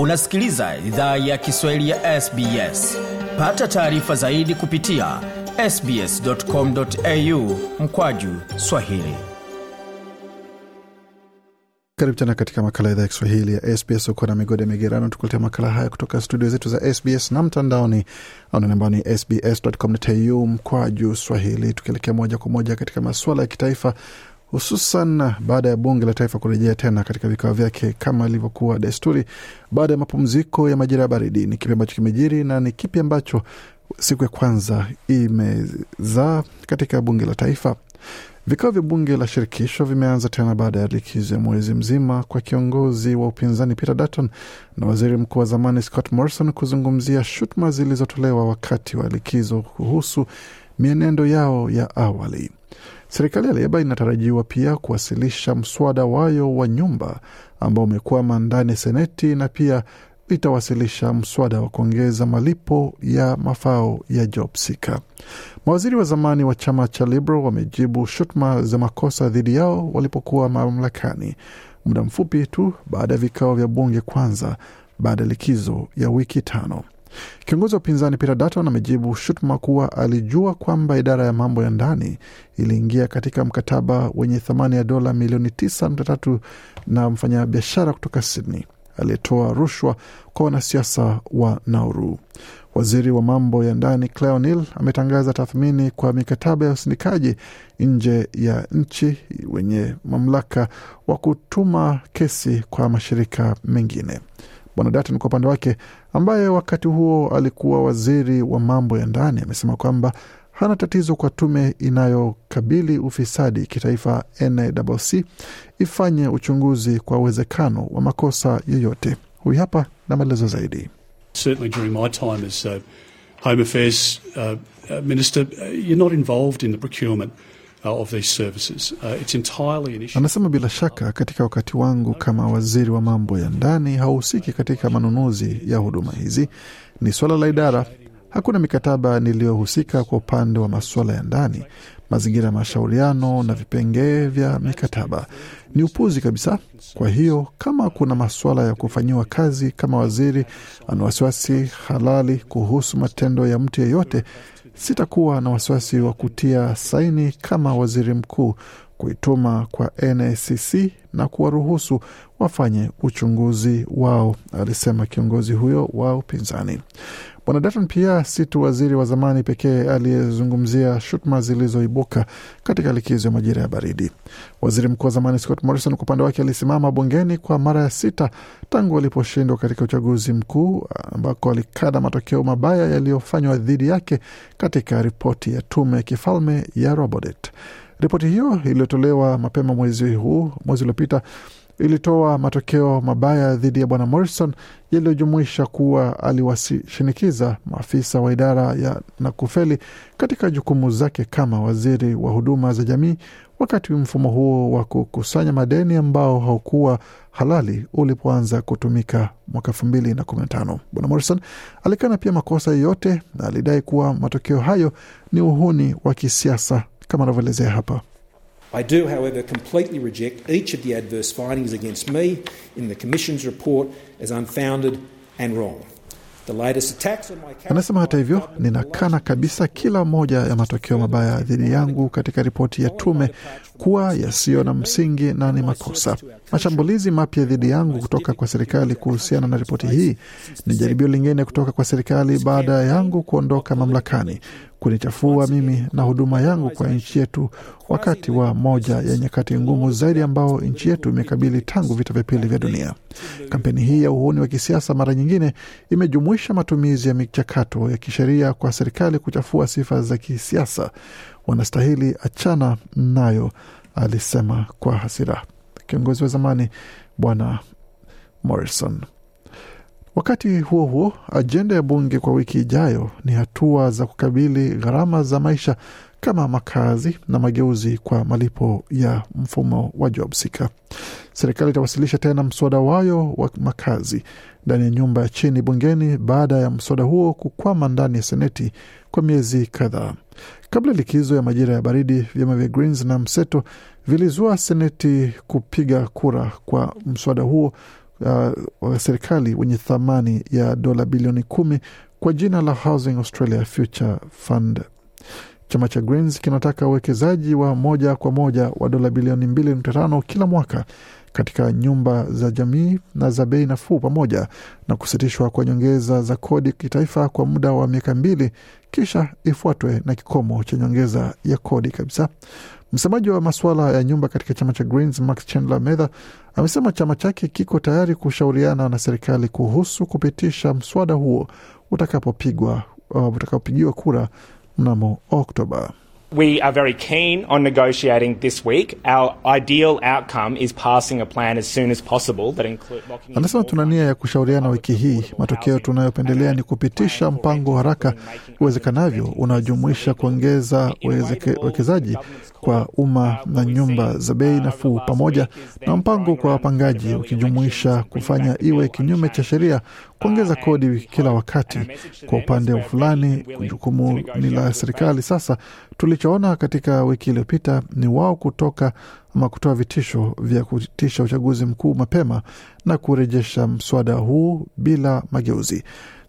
unasikiliza idhaa ya kiswahili ya sbs pata taarifa zaidi kupitia sbscomau mkwaju swahili karibu tena katika makala idhaa ya kiswahili ya sbs huko na migode migerano tukuletea makala haya kutoka studio zetu za sbs na mtandaoni anani ambao ni sbscomau mkwaju swahili tukielekea moja kwa moja katika masuala ya kitaifa hususan baada ya bunge la taifa kurejea tena katika vikao vyake kama ilivyokuwa desturi baada ya mapumziko ya majira ya baridi. Ni kipi ambacho kimejiri na ni kipi ambacho siku ya kwanza imezaa katika bunge la taifa? Vikao vya bunge la shirikisho vimeanza tena baada ya likizo ya mwezi mzima kwa kiongozi wa upinzani Peter Dutton na waziri mkuu wa zamani Scott Morrison kuzungumzia shutuma zilizotolewa wakati wa likizo kuhusu mienendo yao ya awali. Serikali ya Leba inatarajiwa pia kuwasilisha mswada wayo wa nyumba ambao umekwama ndani ya Seneti na pia itawasilisha mswada wa kuongeza malipo ya mafao ya job seeker. Mawaziri wa zamani wa chama cha Liberal wamejibu shutuma za makosa dhidi yao walipokuwa mamlakani, muda mfupi tu baada ya vikao vya bunge kwanza baada ya likizo ya wiki tano. Kiongozi wa upinzani Peter Dutton amejibu shutuma kuwa alijua kwamba idara ya mambo ya ndani iliingia katika mkataba wenye thamani ya dola milioni 9.3 na mfanyabiashara kutoka Sydney aliyetoa rushwa kwa wanasiasa wa Nauru. Waziri wa mambo ya ndani Claire ametangaza tathmini kwa mikataba ya usindikaji nje ya nchi wenye mamlaka wa kutuma kesi kwa mashirika mengine. Bwana Dutton kwa upande wake, ambaye wakati huo alikuwa waziri wa mambo ya ndani, amesema kwamba hana tatizo kwa tume inayokabili ufisadi kitaifa NACC ifanye uchunguzi kwa uwezekano wa makosa yoyote. Huyu hapa na maelezo zaidi. Uh, Home Affairs uh, uh Minister, uh, you're not involved in the procurement Uh, of these services. Uh, it's entirely an issue. Anasema bila shaka, katika wakati wangu kama waziri wa mambo ya ndani hahusiki katika manunuzi ya huduma hizi, ni swala la idara. Hakuna mikataba niliyohusika kwa upande wa masuala ya ndani mazingira ya mashauriano na vipengee vya mikataba. Ni upuzi kabisa. Kwa hiyo kama kuna masuala ya kufanyiwa kazi, kama waziri ana wasiwasi halali kuhusu matendo ya mtu yeyote, sitakuwa na wasiwasi wa kutia saini kama waziri mkuu kuituma kwa NACC na kuwaruhusu wafanye uchunguzi wao, alisema kiongozi huyo wa upinzani. Bwana Dutton pia si tu waziri wa zamani pekee aliyezungumzia shutuma zilizoibua kuibuka katika likizo ya majira ya baridi. Waziri mkuu wa zamani Scott Morrison kwa upande wake alisimama bungeni kwa mara ya sita tangu aliposhindwa katika uchaguzi mkuu ambako alikana matokeo mabaya yaliyofanywa dhidi yake katika ripoti ya tume ya kifalme ya Robodet. Ripoti hiyo iliyotolewa mapema mwezi huu mwezi uliopita ilitoa matokeo mabaya dhidi ya bwana Morrison yaliyojumuisha kuwa aliwashinikiza maafisa wa idara ya na kufeli katika jukumu zake kama waziri wa huduma za jamii, wakati mfumo huo wa kukusanya madeni ambao haukuwa halali ulipoanza kutumika mwaka 2015. Bwana Morrison alikana pia makosa yote na alidai kuwa matokeo hayo ni uhuni wa kisiasa kama anavyoelezea hapa. I do, however, completely reject each of the adverse findings against me in the Commission's report as unfounded and wrong. Anasema hata hivyo, ninakana kabisa kila moja ya matokeo mabaya dhidi yangu katika ripoti ya tume kuwa yasiyo na msingi na ni makosa. Mashambulizi mapya dhidi yangu kutoka kwa serikali kuhusiana na ripoti hii ni jaribio lingine kutoka kwa serikali baada yangu kuondoka mamlakani kunichafua mimi na huduma yangu kwa nchi yetu wakati wa moja ya nyakati ngumu zaidi ambao nchi yetu imekabili tangu vita vya pili vya dunia. Kampeni hii ya uhuni wa kisiasa mara nyingine imejumuisha matumizi ya michakato ya kisheria kwa serikali kuchafua sifa za kisiasa. Wanastahili achana nayo alisema kwa hasira kiongozi wa zamani Bwana Morrison. Wakati huo huo, ajenda ya bunge kwa wiki ijayo ni hatua za kukabili gharama za maisha kama makazi na mageuzi kwa malipo ya mfumo wa jobsika Serikali itawasilisha tena mswada wayo wa makazi ndani ya nyumba ya chini bungeni baada ya mswada huo kukwama ndani ya seneti kwa miezi kadhaa. Kabla likizo ya majira ya baridi, vyama vya Greens na mseto vilizua seneti kupiga kura kwa mswada huo uh, wa uh, serikali wenye thamani ya dola bilioni kumi kwa jina la Housing Australia Future Fund. Chama cha Greens kinataka uwekezaji wa moja kwa moja wa dola bilioni mbili nukta tano kila mwaka katika nyumba za jamii na za bei nafuu pamoja na kusitishwa kwa nyongeza za kodi kitaifa kwa muda wa miaka mbili kisha ifuatwe na kikomo cha nyongeza ya kodi kabisa. Msemaji wa masuala ya nyumba katika chama cha Greens Max Chandler Mather amesema chama chake kiko tayari kushauriana na serikali kuhusu kupitisha mswada huo utakapopigwa uh, utakapopigiwa kura mnamo Oktoba. We are very keen on negotiating this week. Our ideal outcome is passing a plan as soon as possible that includes Anasema tuna nia ya kushauriana wiki hii. Matokeo tunayopendelea ni kupitisha mpango haraka iwezekanavyo unajumuisha kuongeza uwekezaji kwa umma na nyumba za bei nafuu, pamoja na mpango kwa wapangaji ukijumuisha kufanya iwe kinyume cha sheria kuongeza kodi kila wakati. Kwa upande fulani, jukumu ni la serikali. Sasa tulichoona katika wiki iliyopita ni wao kutoka ama kutoa vitisho vya kutisha uchaguzi mkuu mapema na kurejesha mswada huu bila mageuzi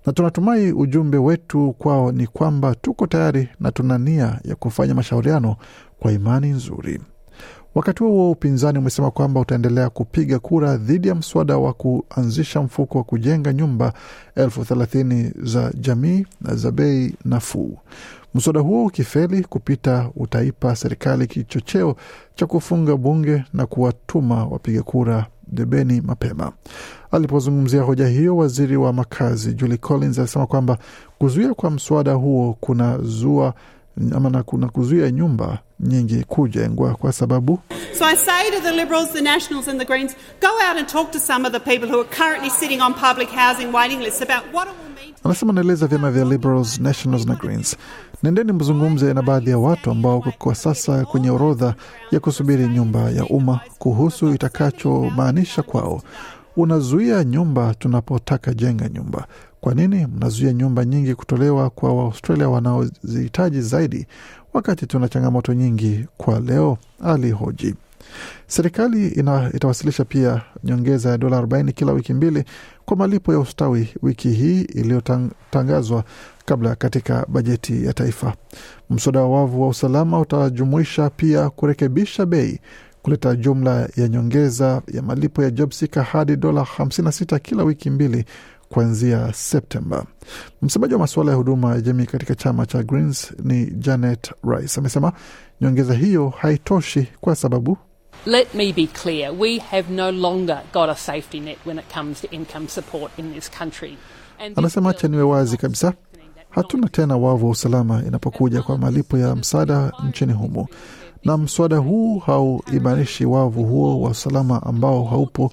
na tunatumai ujumbe wetu kwao ni kwamba tuko tayari na tuna nia ya kufanya mashauriano kwa imani nzuri. Wakati huo upinzani umesema kwamba utaendelea kupiga kura dhidi ya mswada wa kuanzisha mfuko wa kujenga nyumba elfu thelathini za jamii na za bei nafuu. Mswada huo ukifeli kupita, utaipa serikali kichocheo cha kufunga bunge na kuwatuma wapiga kura debeni mapema. Alipozungumzia hoja hiyo, waziri wa makazi Julie Collins alisema kwamba kuzuia kwa mswada huo kuna zua ama na kuna kuzuia nyumba nyingi kujengwa kwa sababu So I say to the Liberals, the Nationals and the Greens, go out and talk to some of the people who are currently sitting on public housing waiting lists about what Anasema naeleza vyama vya Liberals, Nationals na Greens, nendeni mzungumze na baadhi ya watu ambao kwa sasa kwenye orodha ya kusubiri nyumba ya umma kuhusu itakachomaanisha kwao. Unazuia nyumba tunapotaka jenga nyumba. Kwa nini mnazuia nyumba nyingi kutolewa kwa Waaustralia wanaozihitaji zaidi, wakati tuna changamoto nyingi kwa leo? Alihoji. Serikali ina, itawasilisha pia nyongeza ya dola 40 kila wiki mbili kwa malipo ya ustawi wiki hii iliyotangazwa kabla katika bajeti ya taifa. Mswada wa wavu wa usalama utajumuisha pia kurekebisha bei kuleta jumla ya nyongeza ya malipo ya jobsika hadi dola 56 kila wiki mbili kuanzia Septemba. Msemaji wa masuala ya huduma ya jamii katika chama cha Greens ni Janet Rice amesema nyongeza hiyo haitoshi kwa sababu Let me be clear, we have no longer got a safety net when it comes to income support in this country. Anasema acha niwe wazi kabisa, hatuna tena wavu wa usalama inapokuja kwa malipo ya msaada nchini humo, na mswada huu hauimarishi wavu huo wa usalama ambao haupo.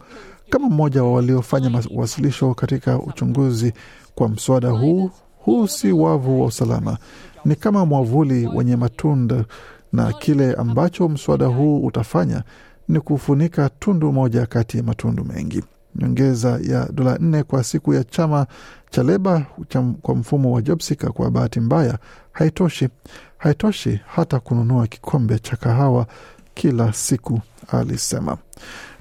Kama mmoja wa waliofanya wasilisho katika uchunguzi kwa mswada huu, huu si wavu wa usalama, ni kama mwavuli wenye matunda na kile ambacho mswada huu utafanya ni kufunika tundu moja kati ya matundu mengi. Nyongeza ya dola nne kwa siku ya chama cha Leba kwa mfumo wa Jobsika kwa bahati mbaya haitoshi, haitoshi hata kununua kikombe cha kahawa kila siku, alisema.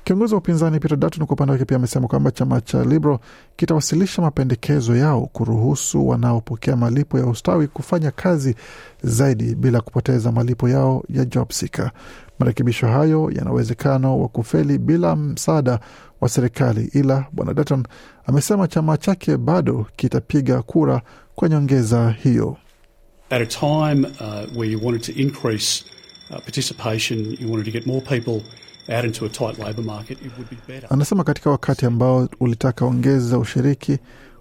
Kiongozi wa upinzani Peter Dutton kwa upande wake pia amesema kwamba chama cha Liberal kitawasilisha mapendekezo yao kuruhusu wanaopokea malipo ya ustawi kufanya kazi zaidi bila kupoteza malipo yao ya job seeker. Marekebisho hayo yana uwezekano wa kufeli bila msaada wa serikali, ila bwana Dutton amesema chama chake bado kitapiga kura kwa nyongeza hiyo. At a time, uh, where you wanted to increase, uh, participation, you wanted to get more people Anasema katika wakati ambao ulitaka ongeza ushiriki,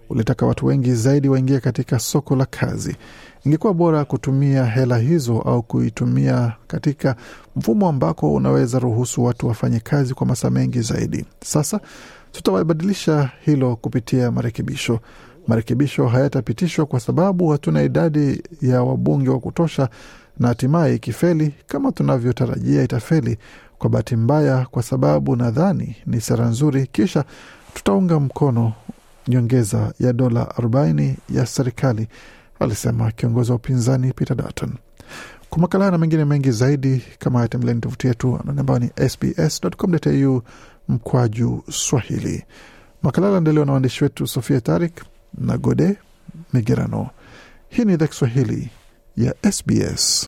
ulitaka watu wengi zaidi waingie katika soko la kazi, ingekuwa bora kutumia hela hizo au kuitumia katika mfumo ambako unaweza ruhusu watu wafanye kazi kwa masaa mengi zaidi. Sasa tutawabadilisha hilo kupitia marekebisho. Marekebisho hayatapitishwa kwa sababu hatuna idadi ya wabunge wa kutosha, na hatimaye ikifeli, kama tunavyotarajia itafeli, kwa bahati mbaya, kwa sababu nadhani ni sera nzuri, kisha tutaunga mkono nyongeza ya dola 40 ya serikali, alisema kiongozi wa upinzani Peter Dutton. Kwa makala na mengine mengi zaidi kama haya, tembeleni tovuti yetu ambayo ni sbs.com.au mkwaju Swahili. Makala aliandaliwa na waandishi wetu Sofia Tarik na Gode Migerano. Hii ni idhaa Kiswahili ya SBS